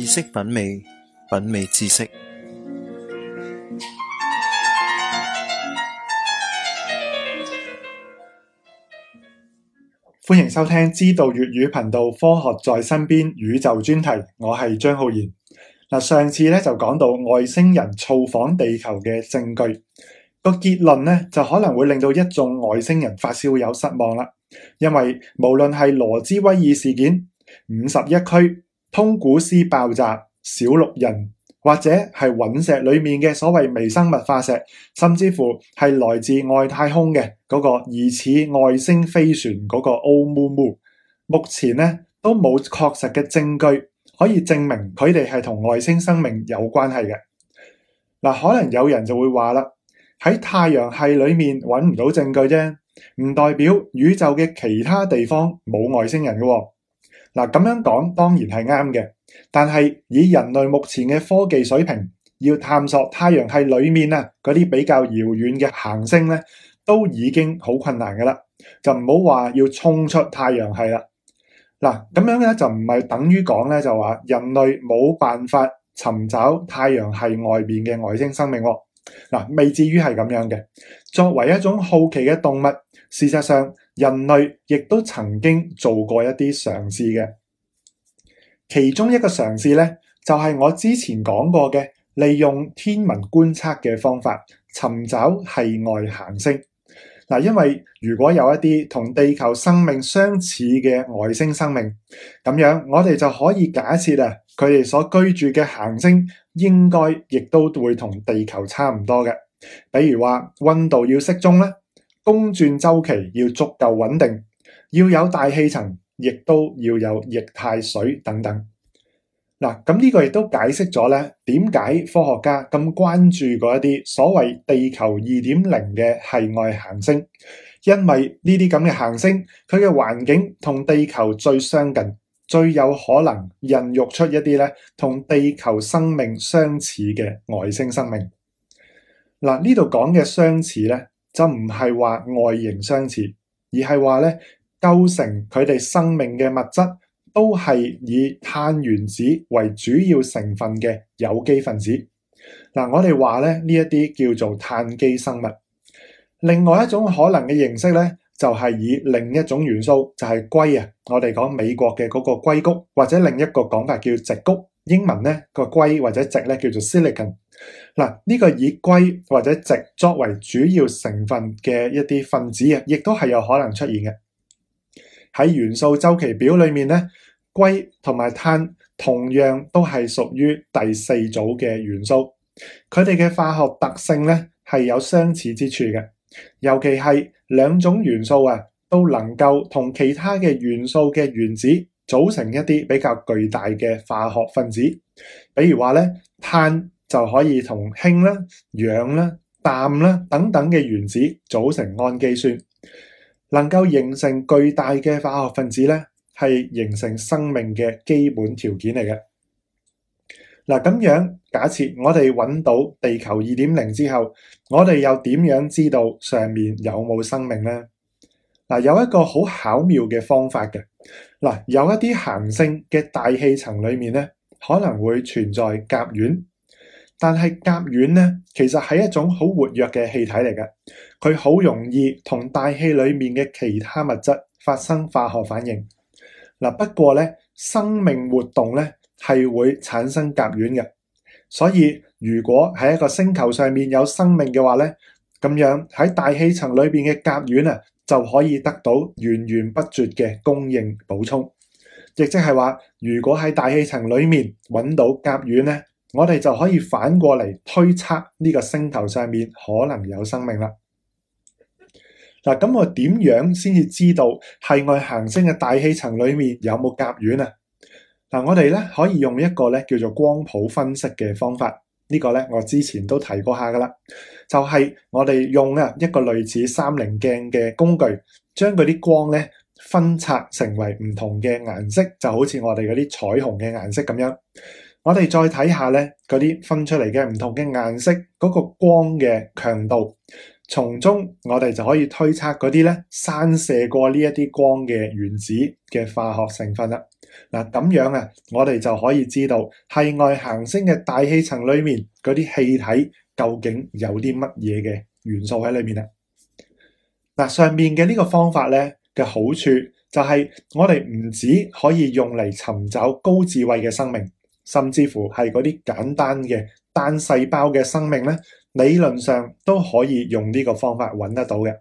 知識品味，品味知識。歡迎收聽《知道粵語》頻道《科學在身邊》宇宙專題。我係張浩然。嗱，上次咧就講到外星人造訪地球嘅證據，個結論咧就可能會令到一眾外星人發燒友失望啦。因為無論係羅茲威爾事件、五十一區，通古斯爆炸、小綠人或者係隕石裏面嘅所謂微生物化石，甚至乎係來自外太空嘅嗰個疑似外星飛船嗰個 Oumuamua，目前呢都冇確實嘅證據可以證明佢哋係同外星生命有關係嘅。嗱，可能有人就會話啦，喺太陽系裏面揾唔到證據啫，唔代表宇宙嘅其他地方冇外星人嘅哦。嗱，咁樣講當然係啱嘅，但係以人類目前嘅科技水平，要探索太陽系裏面啊嗰啲比較遙遠嘅行星咧，都已經好困難㗎啦，就唔好話要衝出太陽系啦。嗱，咁樣咧就唔係等於講咧就話人類冇辦法尋找太陽系外面嘅外星生命。嗱，未至於係咁樣嘅。作為一種好奇嘅動物，事實上。人類亦都曾經做過一啲嘗試嘅，其中一個嘗試呢，就係我之前講過嘅，利用天文觀測嘅方法尋找係外行星。嗱，因為如果有一啲同地球生命相似嘅外星生命，咁樣我哋就可以假設啊，佢哋所居住嘅行星應該亦都會同地球差唔多嘅，比如話温度要適中咧。公轉周期要足夠穩定，要有大氣層，亦都要有液態水等等。嗱，咁呢個亦都解釋咗呢，點解科學家咁關注嗰一啲所謂地球二點零嘅系外行星？因為呢啲咁嘅行星，佢嘅環境同地球最相近，最有可能孕育出一啲呢同地球生命相似嘅外星生命。嗱，呢度講嘅相似呢。就唔係話外形相似，而係話呢，構成佢哋生命嘅物質都係以碳原子為主要成分嘅有機分子。嗱，我哋話呢，呢啲叫做碳基生物。另外一種可能嘅形式呢，就係以另一種元素，就係硅呀。我哋講美國嘅嗰個硅谷，或者另一個講法叫矽谷，英文呢，個硅或者矽呢，叫做 silicon。嗱，呢個以硅或者植作為主要成分嘅一啲分子亦都係有可能出現嘅。喺元素周期表裏面咧，硅同埋碳同樣都係屬於第四組嘅元素，佢哋嘅化學特性咧係有相似之處嘅，尤其係兩種元素啊都能夠同其他嘅元素嘅原子組成一啲比較巨大嘅化學分子，比如話咧碳，就可以同氫啦、氧啦、氮啦等等嘅原子組成氨基酸，能夠形成巨大嘅化學分子咧，係形成生命嘅基本條件嚟嘅。嗱，咁樣假設我哋揾到地球二點零之後，我哋又點樣知道上面有冇生命呢？嗱，有一個好巧妙嘅方法嘅。嗱，有一啲行星嘅大氣層裏面咧，可能會存在甲烷。但係甲烷呢，其實係一種好活躍嘅氣體嚟嘅，佢好容易同大氣裏面嘅其他物質發生化學反應。嗱，不過呢，生命活動呢係會產生甲烷嘅，所以如果喺一個星球上面有生命嘅話呢，咁樣喺大氣層裏面嘅甲烷啊就可以得到源源不絕嘅供應補充，亦即係話，如果喺大氣層裏面搵到甲烷呢。我哋就可以反過嚟推測呢個星球上面可能有生命啦。嗱，咁我點樣先至知道系外行星嘅大氣層裏面有冇甲烷啊？嗱，我哋咧可以用一個咧叫做光譜分析嘅方法。這個、呢個咧我之前都提過下噶啦，就係、是、我哋用啊一個類似三棱鏡嘅工具，將佢啲光咧分拆成為唔同嘅顏色，就好似我哋嗰啲彩虹嘅顏色咁樣。我哋再睇下咧，嗰啲分出嚟嘅唔同嘅顏色，嗰個光嘅強度，從中我哋就可以推測嗰啲咧散射過呢一啲光嘅原子嘅化學成分啦。嗱，咁樣啊，我哋就可以知道系外行星嘅大氣層裏面嗰啲氣體究竟有啲乜嘢嘅元素喺裏面啦。嗱，上面嘅呢個方法咧嘅好處就係我哋唔止可以用嚟尋找高智慧嘅生命。甚至乎係嗰啲簡單嘅單細胞嘅生命呢，理論上都可以用呢個方法揾得到嘅。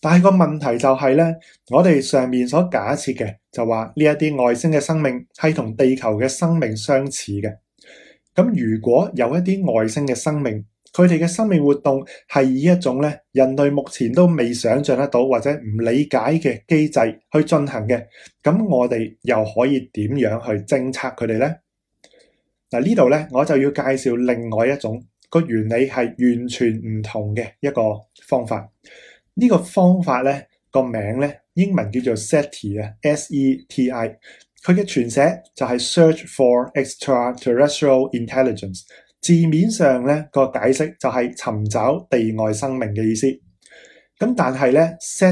但係個問題就係呢，我哋上面所假設嘅就話呢一啲外星嘅生命係同地球嘅生命相似嘅。咁如果有一啲外星嘅生命，佢哋嘅生命活動係以一種咧，人類目前都未想像得到或者唔理解嘅機制去進行嘅。咁我哋又可以點樣去偵測佢哋呢？嗱，呢度咧，我就要介紹另外一種個原理係完全唔同嘅一個方法。呢個方法咧，個名咧，英文叫做 SETI 啊，S-E-T-I。佢嘅全寫就係 Search for Extraterrestrial Intelligence。字面上呢個解釋就係尋找地外生命嘅意思。咁但係呢 s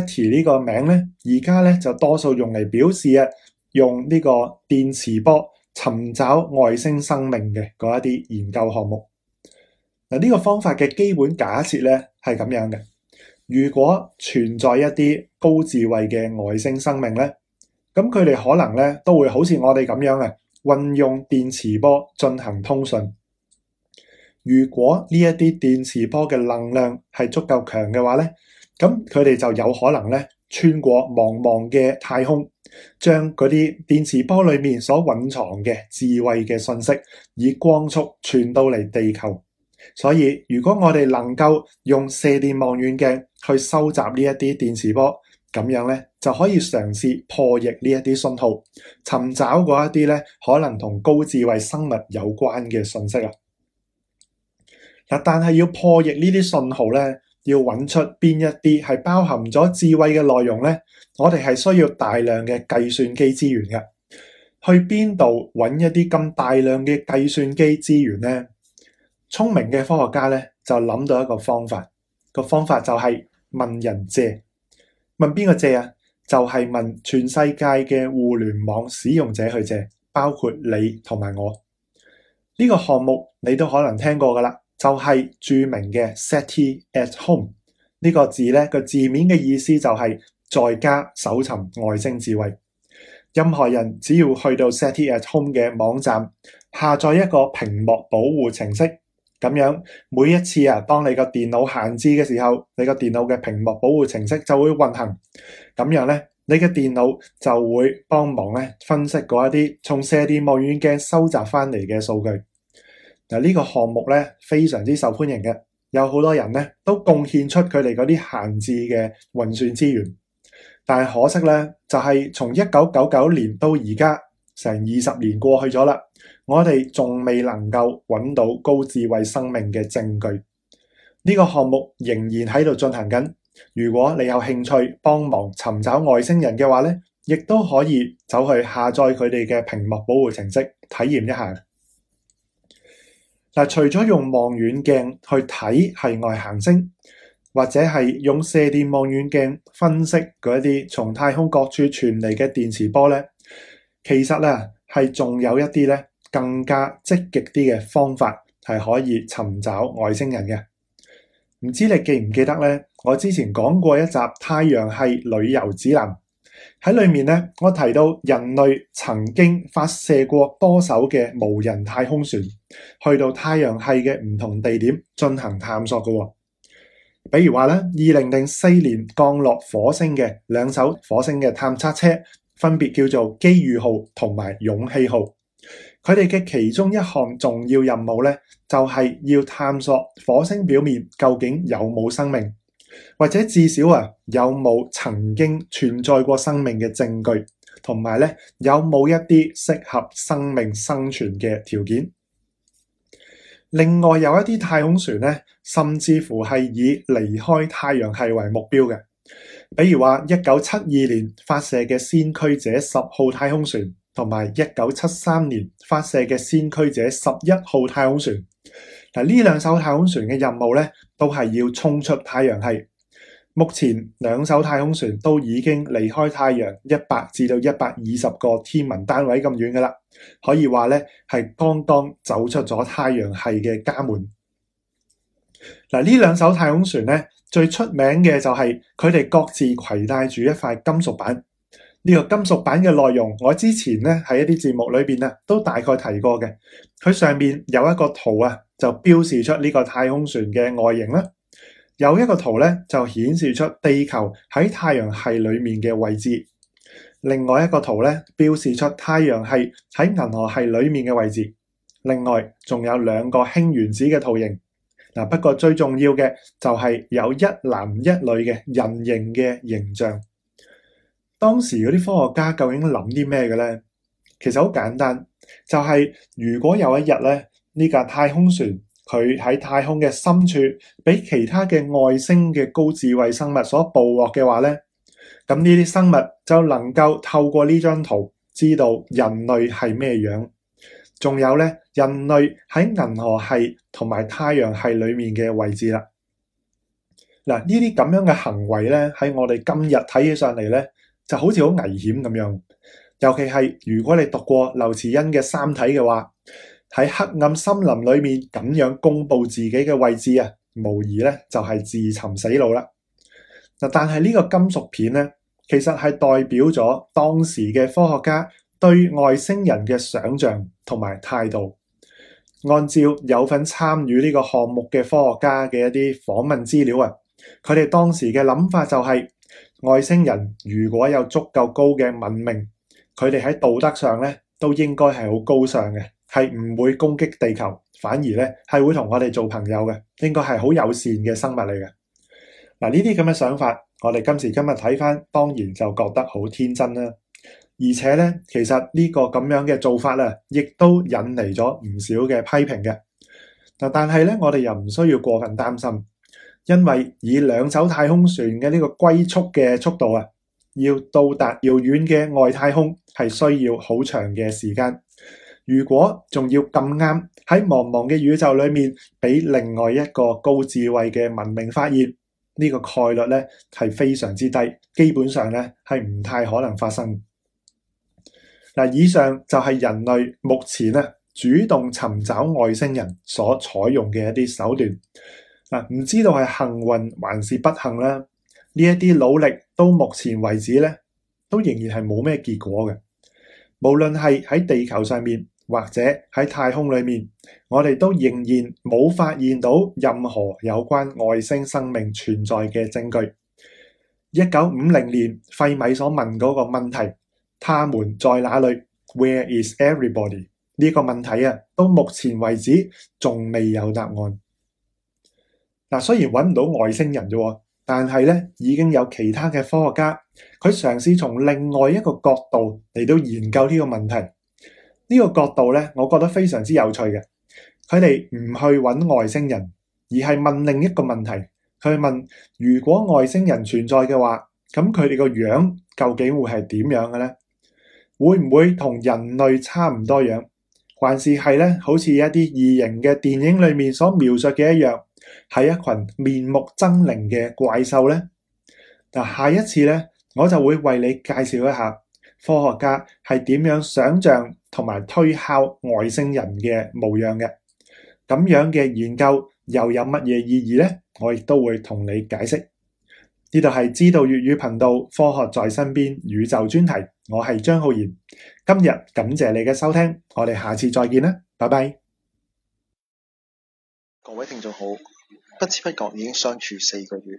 如果呢一啲電磁波嘅能量係足夠強嘅話咧，咁佢哋就有可能咧穿過茫茫嘅太空，將嗰啲電磁波裡面所蘊藏嘅智慧嘅信息以光速傳到嚟地球。所以，如果我哋能夠用射電望遠鏡去收集呢一啲電磁波，咁樣咧就可以嘗試破譯呢一啲訊號，尋找嗰一啲咧可能同高智慧生物有關嘅信息啊！但係要破譯呢啲信號咧，要揾出邊一啲係包含咗智慧嘅內容呢？我哋係需要大量嘅計算機資源嘅。去邊度揾一啲咁大量嘅計算機資源呢？聰明嘅科學家咧就諗到一個方法，個方法就係問人借。問邊個借啊？就係問全世界嘅互聯網使用者去借，包括你同埋我。呢個項目，你都可能聽過噶啦。就係著名嘅 Seti at Home 呢個字，呢個字面嘅意思就係在家搜尋外星智慧。任何人只要去到 Seti at Home 嘅網站，下載一個屏幕保護程式，咁樣每一次啊，當你個電腦閒置嘅時候，你個電腦嘅屏幕保護程式就會運行。咁樣呢，你嘅電腦就會幫忙咧分析嗰一啲從射電望遠鏡收集翻嚟嘅數據。誒，呢個項目呢非常之受歡迎嘅，有好多人呢都貢獻出佢哋嗰啲閒置嘅運算資源。但係可惜呢，就係從一九九九年到而家，成二十年過去咗啦，我哋仲未能夠揾到高智慧生命嘅證據。呢個項目仍然喺度進行緊。如果你有興趣幫忙尋找外星人嘅話呢，亦都可以走去下載佢哋嘅屏幕保護程式，體驗一下。嗱，除咗用望遠鏡去睇系外行星，或者係用射電望遠鏡分析嗰啲從太空各處傳嚟嘅電磁波呢，其實呢係仲有一啲呢更加積極啲嘅方法係可以尋找外星人嘅。唔知你記唔記得呢？我之前講過一集《太陽系旅遊指南》。喺裏面咧，我提到人類曾經發射過多艘嘅無人太空船，去到太陽系嘅唔同地點進行探索㗎喎。比如話咧，二零零四年降落火星嘅兩艘火星嘅探測車，分別叫做機遇號同埋勇氣號。佢哋嘅其中一項重要任務咧，就係、是、要探索火星表面究竟有冇生命。或者至少啊，有冇曾經存在過生命嘅證據？同埋咧，有冇一啲適合生命生存嘅條件？另外有一啲太空船咧，甚至乎係以離開太陽系為目標嘅，比如話一九七二年發射嘅先驅者十號太空船，同埋一九七三年發射嘅先驅者十一號太空船。嗱，呢兩艘太空船嘅任務呢都係要衝出太陽系。目前兩艘太空船都已經離開太陽一百至到一百二十個天文單位咁遠㗎啦，可以話呢係剛剛走出咗太陽系嘅家門。嗱，呢兩艘太空船呢最出名嘅就係佢哋各自攜帶住一塊金屬板。呢個金屬板嘅內容，我之前呢喺一啲節目裏面呢都大概提過嘅。佢上面有一個圖啊。就標示出呢個太空船嘅外形啦。有一個圖咧就顯示出地球喺太陽系裏面嘅位置，另外一個圖咧標示出太陽系喺銀河系裏面嘅位置。另外仲有兩個氫原子嘅圖形。嗱，不過最重要嘅就係有一男一女嘅人形嘅形象。當時嗰啲科學家究竟諗啲咩嘅咧？其實好簡單，就係如果有一日咧。呢架太空船佢喺太空嘅深處，俾其他嘅外星嘅高智慧生物所捕獲嘅話呢，咁呢啲生物就能夠透過呢張圖知道人類係咩樣，仲有呢，人類喺銀河系同埋太陽系裏面嘅位置啦。嗱，呢啲咁樣嘅行為呢，喺我哋今日睇起上嚟呢，就好似好危險咁樣。尤其係如果你讀過劉慈欣嘅《三體》嘅話。喺黑暗森林裏面咁樣公布自己嘅位置啊，無疑咧就係自尋死路啦。嗱，但係呢個金屬片咧，其實係代表咗當時嘅科學家對外星人嘅想象同埋態度。按照有份參與呢個項目嘅科學家嘅一啲訪問資料啊，佢哋當時嘅諗法就係外星人如果有足夠高嘅文明，佢哋喺道德上咧都應該係好高尚嘅。係唔會攻擊地球，反而呢係會同我哋做朋友嘅，應該係好友善嘅生物嚟嘅。嗱，呢啲咁嘅想法，我哋今時今日睇翻，當然就覺得好天真啦。而且呢，其實呢個咁樣嘅做法咧，亦都引嚟咗唔少嘅批評嘅。嗱，但係呢，我哋又唔需要過分擔心，因為以兩艘太空船嘅呢個龜速嘅速度啊，要到達遙遠嘅外太空係需要好長嘅時間。如果仲要咁啱喺茫茫嘅宇宙裏面俾另外一個高智慧嘅文明發現，呢個概率呢係非常之低，基本上呢係唔太可能發生。嗱，以上就係人類目前呢主動尋找外星人所採用嘅一啲手段。嗱，唔知道係幸運還是不幸啦。呢一啲努力到目前為止呢都仍然係冇咩結果嘅，無論係喺地球上面，或者喺太空裏面，我哋都仍然冇發現到任何有關外星生命存在嘅證據。一九五零年，費米所問嗰個問題：他們在哪裏？Where is everybody？呢個問題啊，到目前為止仲未有答案。嗱，雖然揾唔到外星人啫，但係咧已經有其他嘅科學家，佢嘗試從另外一個角度嚟到研究呢個問題。呢個角度咧，我覺得非常之有趣嘅。佢哋唔去揾外星人，而係問另一個問題。佢問：如果外星人存在嘅話，咁佢哋個樣究竟會係點樣嘅呢？會唔會同人類差唔多樣？還是係咧好似一啲異形嘅電影裏面所描述嘅一樣，係一群面目猙獰嘅怪獸呢？嗱，下一次咧，我就會為你介紹一下。科學家係點樣想像同埋推敲外星人嘅模樣嘅？咁樣嘅研究又有乜嘢意義呢？我亦都會同你解釋。呢度係知道粵語頻道《科學在身邊》宇宙專題，我係張浩然。今日感謝你嘅收聽，我哋下次再見啦，拜拜！各位聽眾好，不知不覺已經相處四個月。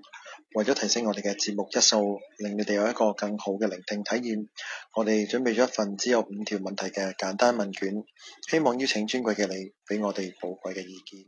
為咗提升我哋嘅節目質素，令你哋有一個更好嘅聆聽體驗，我哋準備咗一份只有五條問題嘅簡單問卷，希望邀請尊貴嘅你俾我哋寶貴嘅意見。